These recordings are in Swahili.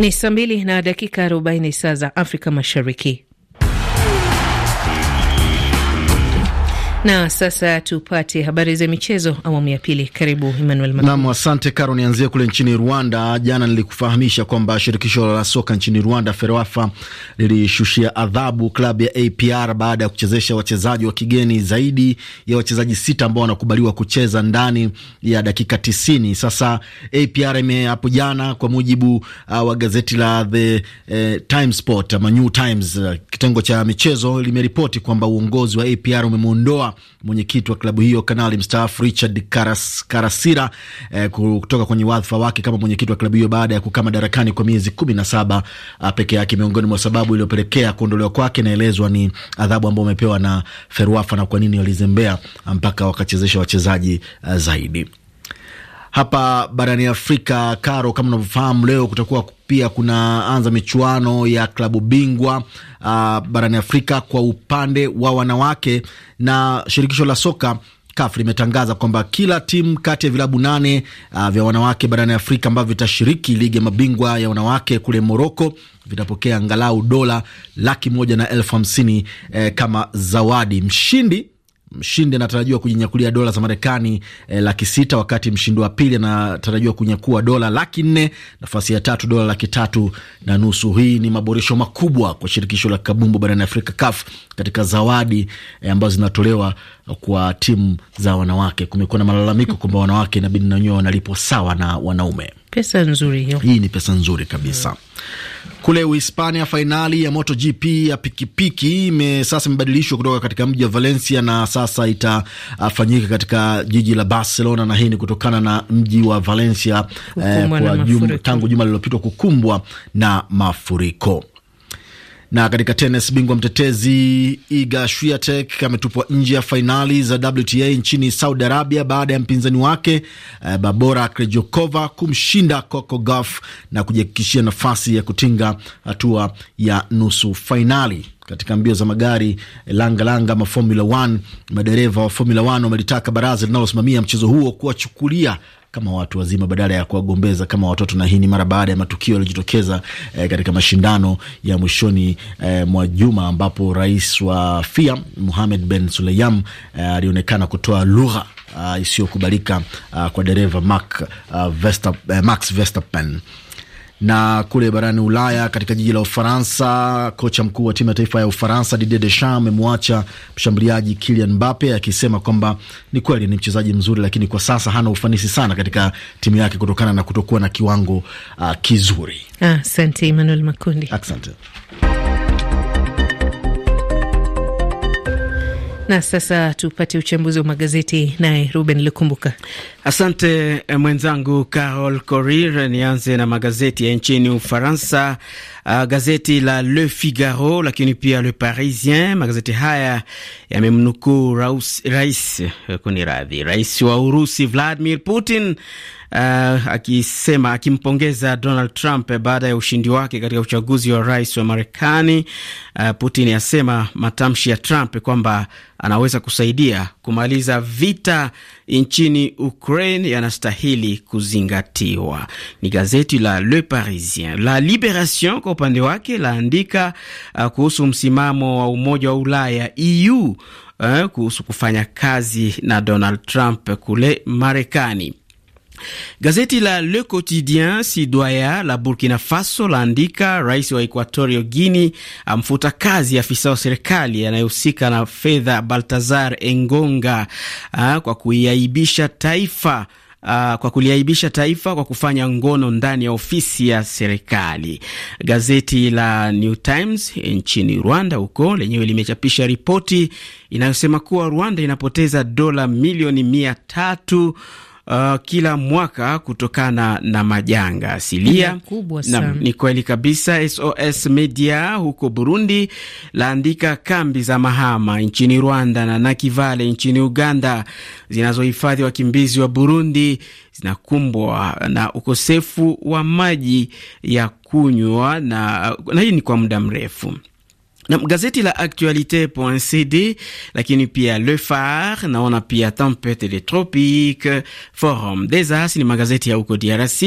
Ni saa mbili na dakika arobaini saa za Afrika Mashariki. Na sasa tupate habari za michezo awamu ya pili. Karibu Emmanuel. Nam, asante Karo. Nianzie kule nchini Rwanda. Jana nilikufahamisha kwamba shirikisho la soka nchini Rwanda, FERWAFA, lilishushia adhabu klabu ya APR baada ya kuchezesha wachezaji wa kigeni zaidi ya wachezaji sita ambao wanakubaliwa kucheza ndani ya dakika tisini. Sasa APR ime hapo jana, kwa mujibu uh, wa gazeti la The uh, Times Sport ama New Times, uh, kitengo cha michezo limeripoti kwamba uongozi wa APR umemwondoa mwenyekiti wa klabu hiyo kanali mstaafu Richard Karasira eh, kutoka kwenye wadhifa wake kama mwenyekiti wa klabu hiyo baada ya kukaa madarakani kwa miezi kumi na saba ah, peke yake. Miongoni mwa sababu iliyopelekea kuondolewa kwake inaelezwa ni adhabu ambayo amepewa na FERWAFA na kwa nini walizembea ah, mpaka wakachezesha wachezaji ah, zaidi hapa barani Afrika. Karo, kama unavyofahamu, leo kutakuwa pia kuna anza michuano ya klabu bingwa uh, barani Afrika kwa upande wa wanawake, na shirikisho la soka CAF limetangaza kwamba kila timu kati ya vilabu nane uh, vya wanawake barani Afrika ambavyo vitashiriki ligi ya mabingwa ya wanawake kule Moroko vitapokea angalau dola laki moja na elfu hamsini eh, kama zawadi. Mshindi mshindi anatarajiwa kujinyakulia dola za Marekani e, laki sita wakati mshindi wa pili anatarajiwa kunyakua dola laki nne nafasi ya tatu dola laki tatu na nusu. Hii ni maboresho makubwa kwa shirikisho la kabumbu barani Afrika, CAF, katika zawadi e, ambazo zinatolewa kwa timu za wanawake. Kumekuwa na malalamiko kwamba wanawake inabidi nanyewe wanalipwa sawa na wanaume. Pesa nzuri hiyo, hii ni pesa nzuri kabisa hmm. Kule Uhispania, fainali ya MotoGP ya pikipiki ime sasa imebadilishwa kutoka katika mji wa Valencia na sasa itafanyika katika jiji la Barcelona, na hii ni kutokana na mji wa Valencia eh, kwa jum, tangu juma lililopitwa kukumbwa na mafuriko. Na katika tenis, bingwa mtetezi Iga Swiatek ametupwa nje ya fainali za WTA nchini Saudi Arabia baada ya mpinzani wake eh, Babora Krejokova kumshinda Coco Gauff na kujihakikishia nafasi ya kutinga hatua ya nusu fainali. Katika mbio za magari eh, langalanga ma Formula 1, madereva wa Formula 1 wamelitaka baraza linalosimamia mchezo huo kuwachukulia kama watu wazima badala ya kuwagombeza kama watoto, na hii ni mara baada ya matukio yaliyojitokeza eh, katika mashindano ya mwishoni eh, mwa juma ambapo rais wa FIA Mohamed Ben Sulayam eh, alionekana kutoa lugha uh, isiyokubalika uh, kwa dereva eh, Max Verstappen na kule barani Ulaya, katika jiji la Ufaransa, kocha mkuu wa timu ya taifa ya Ufaransa Didier Deschamps amemwacha mshambuliaji Kylian Mbappe akisema kwamba ni kweli ni mchezaji mzuri, lakini kwa sasa hana ufanisi sana katika timu yake kutokana na kutokuwa na kiwango uh, kizuri. Asante ah, Emmanuel Makundi, asante. Na sasa tupate uchambuzi wa magazeti naye Ruben Lukumbuka. Asante eh, mwenzangu Carol corir Nianze na magazeti ya nchini Ufaransa. Uh, gazeti la Le Figaro lakini pia Le Parisien. Magazeti haya yamemnukuu rais, eh, kuni radhi, rais wa Urusi Vladimir Putin uh, akisema akimpongeza Donald Trump eh, baada ya ushindi wake katika uchaguzi wa rais wa Marekani. Uh, Putin asema matamshi ya Trump kwamba anaweza kusaidia kumaliza vita nchini Ukraine yanastahili kuzingatiwa. Ni gazeti la Le Parisien. La Liberation kwa upande wake laandika uh, kuhusu msimamo wa Umoja wa Ulaya EU, uh, kuhusu kufanya kazi na Donald Trump kule Marekani. Gazeti la Le Quotidien Sidwaya la Burkina Faso laandika rais wa Equatorio Guini amfuta kazi afisa wa serikali anayehusika na fedha Baltazar Engonga ha, ah, kwa kuiaibisha taifa Uh, kwa kuliaibisha taifa kwa kufanya ngono ndani ya ofisi ya serikali. Gazeti la New Times nchini Rwanda huko lenyewe limechapisha ripoti inayosema kuwa Rwanda inapoteza dola milioni mia tatu uh, kila mwaka kutokana na majanga asilia. Ni kweli kabisa. SOS Media huko Burundi laandika kambi za Mahama nchini Rwanda na Nakivale nchini Uganda zinazohifadhi wakimbizi wa Burundi zinakumbwa na ukosefu wa maji ya kunywa na, na hii ni kwa muda mrefu na gazeti la actualite.cd lakini pia Le Phare, naona pia Tempete des Tropiques, Forum des As ni magazeti ya huko DRC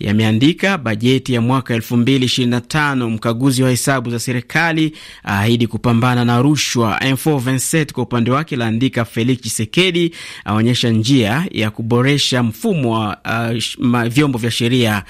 yameandika bajeti ya mwaka 2025, mkaguzi wa hesabu za serikali ahidi kupambana na rushwa. Info 27 kwa upande wake laandika Felix Tshisekedi aonyesha njia ya kuboresha mfumo wa uh, vyombo vya sheria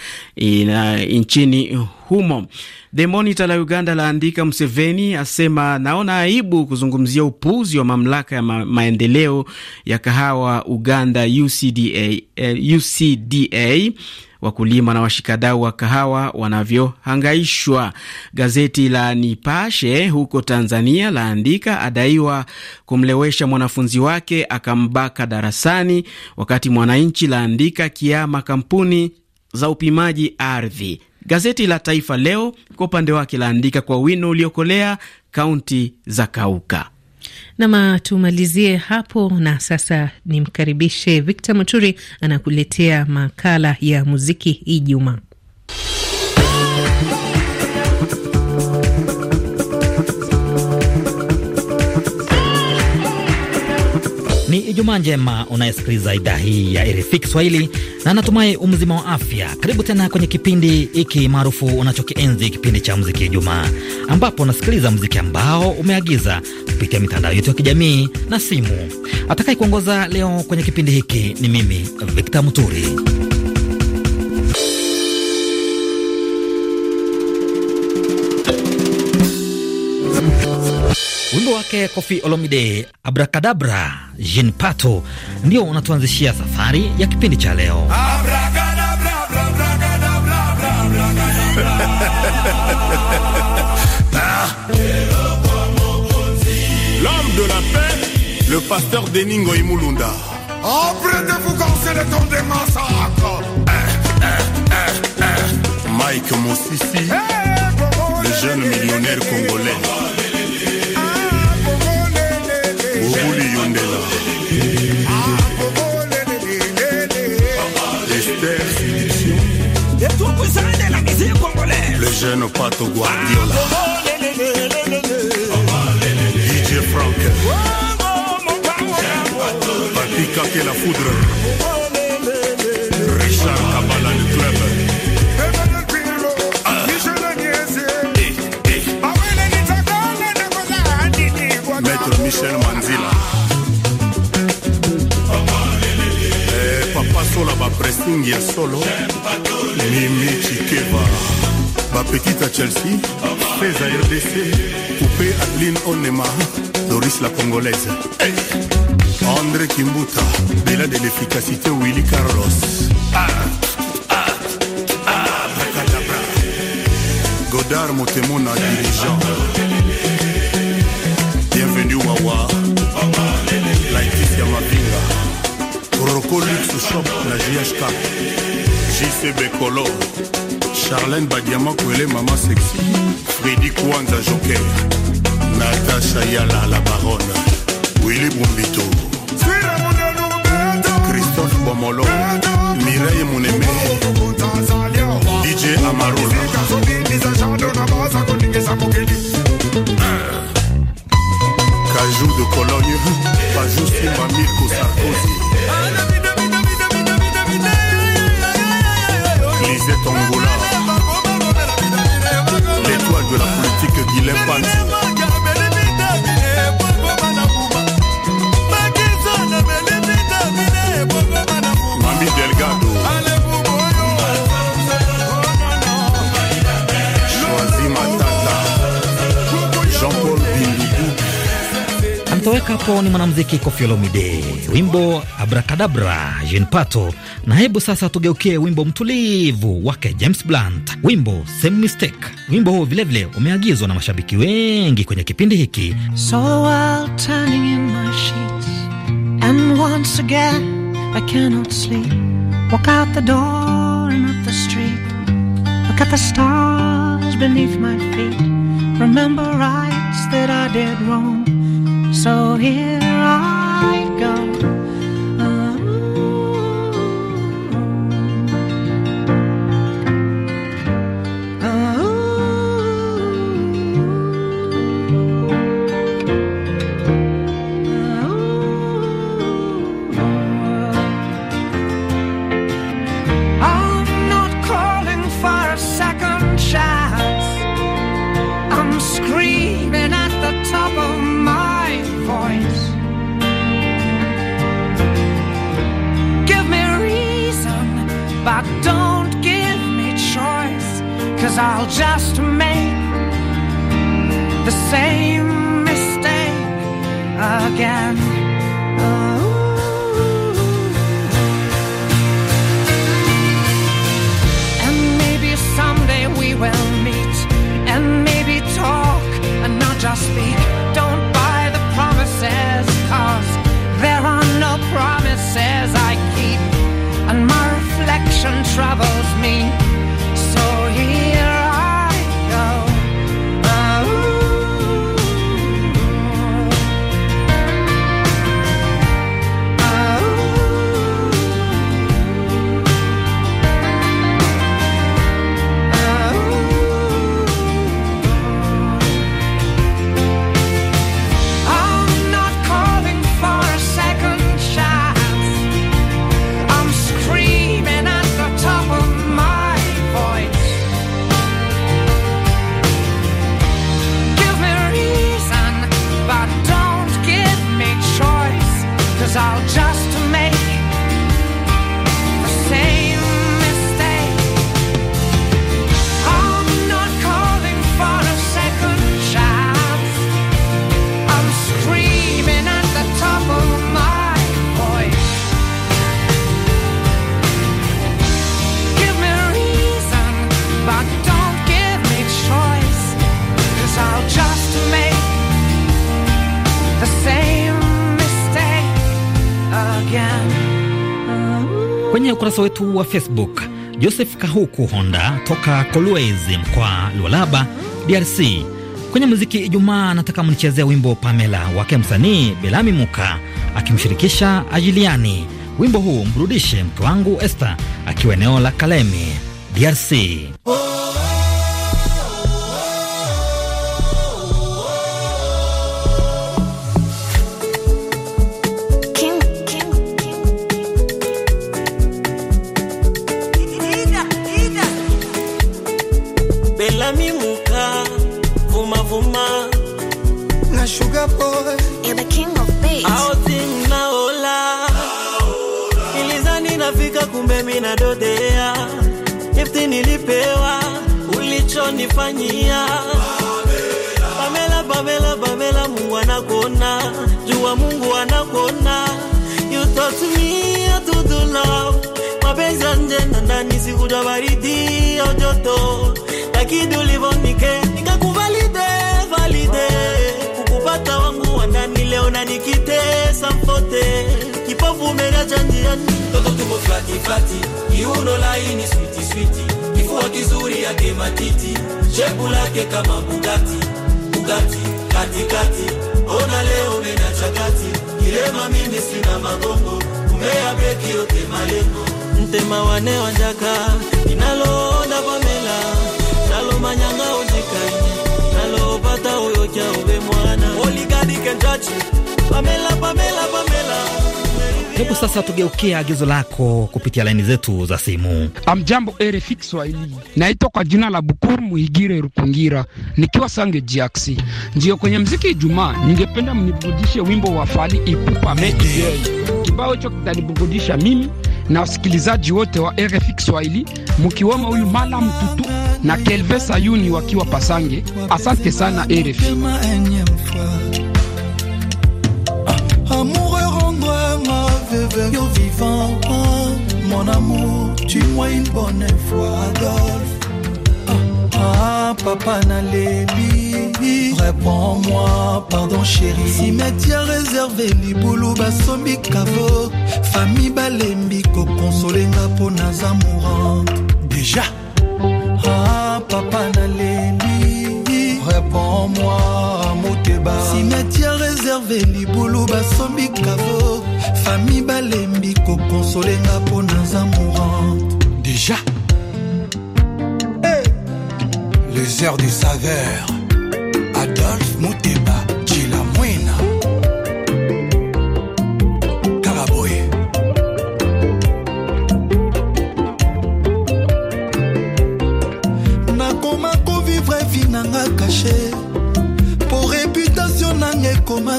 nchini humo. The Monitor la Uganda laandika, Museveni asema naona aibu kuzungumzia upuzi wa mamlaka ya ma maendeleo ya kahawa Uganda UCDA, eh, UCDA wakulima na washikadau wa kahawa wanavyohangaishwa. Gazeti la Nipashe huko Tanzania laandika adaiwa kumlewesha mwanafunzi wake akambaka darasani, wakati Mwananchi laandika kiama kampuni za upimaji ardhi Gazeti la Taifa Leo kwa upande wake laandika kwa wino uliokolea kaunti za kauka. Nama tumalizie hapo na sasa nimkaribishe Victor Muturi anakuletea makala ya muziki Ijumaa. Ni Ijumaa njema unayesikiliza idhaa hii ya RFI Kiswahili na natumai umzima wa afya. Karibu tena kwenye kipindi hiki maarufu unachokienzi, kipindi cha muziki Ijumaa, ambapo unasikiliza muziki ambao umeagiza kupitia mitandao yetu ya kijamii na simu. Atakaye kuongoza leo kwenye kipindi hiki ni mimi Victor Muturi. Wimbo Kofi Olomide Abrakadabra Jean Pato ndio unatuanzishia safari ya kipindi cha leo. L'homme de la paix, le pasteur Deningo Imulunda. vous des Mike Mosisi, le jeune millionnaire congolais. le jeune Pato Guardiola. DJ Frank. Patika che la foudre. Richard Kabbalah le club. Maître Michel Manzila. Eh, papa Sola va pressing solo. petite à Chelsea, Fez à RDC, Poupée Adeline Onema, Doris la Congolaise. Hey. André Kimbuta, Bella de l'efficacité Willy Carlos. Ah, ah, ah, Godard Motemona, dirigeant. Bienvenue Wawa. Laetitia Mavinga. Rocco Luxe Shop, la JHK. JC Becolo. Charlène Badiama Kouele, maman Sexy, Freddy Kwanza Joker, Natasha Yala la Baronne, Willy Bombito. Christophe Bomolo, Mireille Monemé, DJ Amarola. Cajou de Cologne, Pajou Simba Mirko Sarkozy. cet Angola. L'étoile de la politique Guilhem Panzou. aliyoweka hapo ni mwanamuziki Koffi Olomide, wimbo Abracadabra, Jean Pato. Na hebu sasa tugeukie wimbo mtulivu wake James Blunt, wimbo Same Mistake. Wimbo huu vilevile umeagizwa na mashabiki wengi kwenye kipindi hiki. So Remember rights that I did wrong So here I go. don't give me choice, cause I'll just make the same mistake again. kwenye ukurasa wetu wa Facebook. Joseph Kahuku Honda toka Kolwezi mkoa Lualaba, DRC, kwenye muziki Ijumaa anataka mnichezea wimbo Pamela wake msanii Belami Muka akimshirikisha Ajiliani. Wimbo huu mrudishe mke wangu Esther akiwa eneo la Kalemi, DRC. Belami Muka, Vuma Vuma na Sugar Boy, you're the king of bass. Outing na hola, ilizani na fika kumbe mimi nadodea. Gifti nilipewa, ulichonifanyia Pamela, Pamela, Pamela, Mungu anakuona, jua Mungu anakuona. You taught me how to do love, mapenzi nje na ndani, sikuja baridi au joto lakini ulivonike nikakuvalide valide kukupata wangu wandani leo na nikitesa mfote kipofu umereja njiani toto tuko fatifati kiuno laini switiswiti kifua kizuri yake matiti shepu lake kama bugati bugati katikati ona leo mena chakati kilema mimi sina magongo umea breki yote malengo mtema wane wanjaka inaloona pamela Hebu sasa tugeukia agizo lako kupitia laini zetu za simu. Amjambo RFI Kiswahili, naitwa kwa jina la Bukuru Muhigire Rukungira nikiwa Sange Jiaksi. njio kwenye mziki Ijumaa ningependa mnibudishe wimbo wa Fali Ipupa Mekiyei. Kibao hicho kitanibugudisha mimi na wasikilizaji wote wa RFI Kiswahili, mkiwemo huyu Mala Mtutu na Kelve Sayuni wakiwa Pasange. Asante sana RFI. Mon amour, tu moi une bonne fois, Adolphe. Ah, papa Nalébi, réponds-moi, pardon chérie. Cimetière réservé, boulou Basombi, Kavo, famille Balembi, consolé n'a Mourant. Déjà, ah, papa Nalébi, réponds-moi, Moteba. Cimetière réservé, boulou Basombi, Kavo, famille Balembi, consolé n'a Mourant. Déjà. heures de saveur, Adolphe Mouteba, Mouina Caraboué. nakoma vivre vie nanga kashe po reputation koma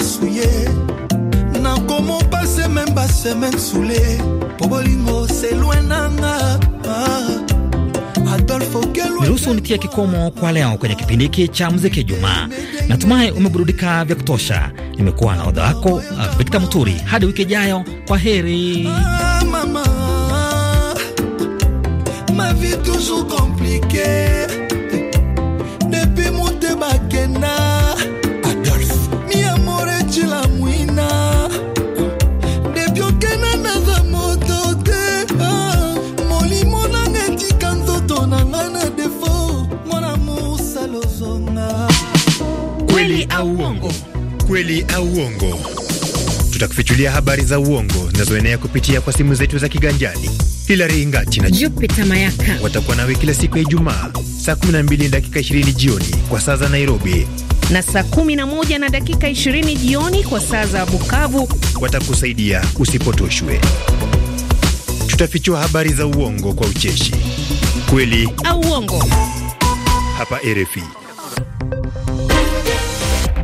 Nan Na passe pase bas semaine soule po bolingo loin nanga ah. niruhusu nitia kikomo kwa leo kwenye kipindi hiki cha muziki Ijumaa. Natumai umeburudika vya kutosha. Nimekuwa na odha wako uh, Victor Muturi. Hadi wiki ijayo, kwa heri. Ah, mama, ma uongo. Tutakufichulia habari za uongo zinazoenea kupitia kwa simu zetu za kiganjani. Hilary Ingati na Jupita Mayaka watakuwa nawe kila siku ya Ijumaa saa 12 dakika 20 jioni kwa saa za Nairobi na saa 11 na dakika 20 jioni kwa saa za Bukavu. Watakusaidia usipotoshwe. Tutafichua habari za uongo kwa ucheshi, kweli au uongo, hapa RFI.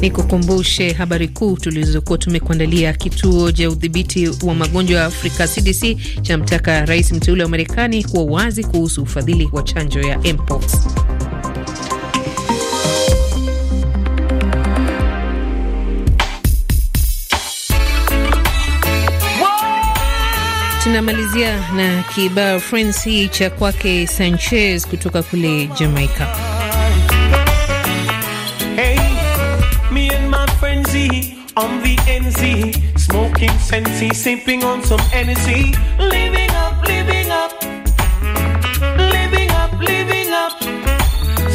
ni kukumbushe habari kuu tulizokuwa tumekuandalia. Kituo cha udhibiti wa magonjwa ya Afrika CDC cha mtaka rais mteule wa Marekani kuwa wazi kuhusu ufadhili wa chanjo ya mpox. Tunamalizia na kibao Friends hii cha kwake Sanchez kutoka kule Jamaica. on the NZ, smoking sensi, sipping on some energy, living up, living up, living up, living up.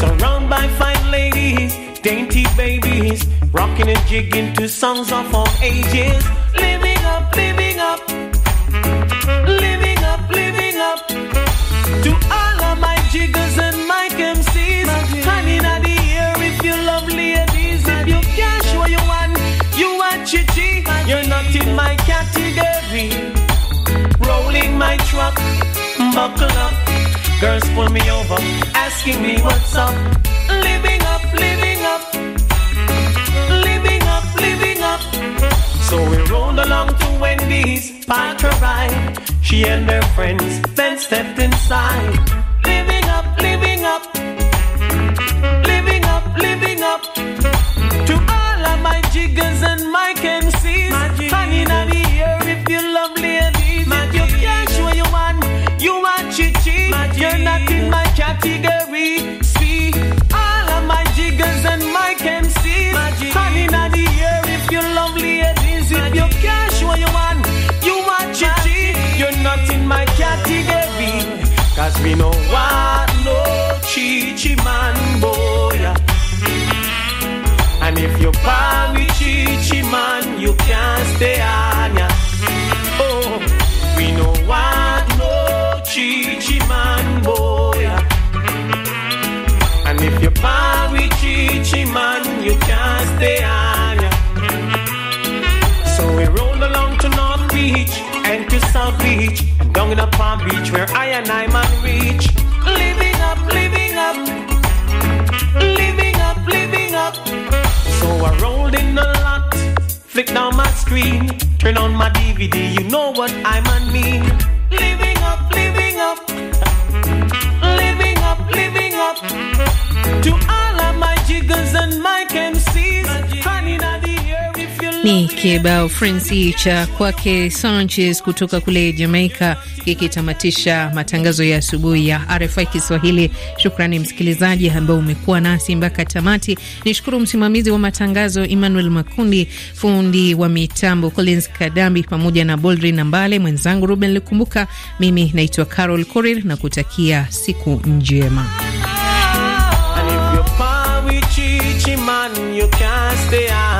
Surrounded by fine ladies, dainty babies, rocking and jigging to songs of all ages, living up, living up, living stream. Rolling my truck, buckle up. Girls pull me over, asking me what's up. Living up, living up. Living up, living up. So we rolled along to Wendy's, Parker ride. She and her friends then stepped inside. Living Me no want no chichi man boy. And if you buy me chichi man, you can't stay on ya. Oh, we no want no chichi man boy. And if you buy me chichi man, you can't stay on ya. So we roll along to North Beach and to South Beach and down in the Palm Beach where I and I man screen. Turn on my DVD, you know what I mean. Ni kibao Frensi cha kwake Sanchez kutoka kule jamaica kikitamatisha matangazo ya asubuhi ya RFI Kiswahili. Shukrani msikilizaji ambao umekuwa nasi mpaka tamati. Nishukuru msimamizi wa matangazo Emmanuel Makundi, fundi wa mitambo Collins Kadambi pamoja na Boldri Nambale, mwenzangu Ruben Likumbuka. Mimi naitwa Carol Korir na kutakia siku njema. And if you're far with man, you can't stay out.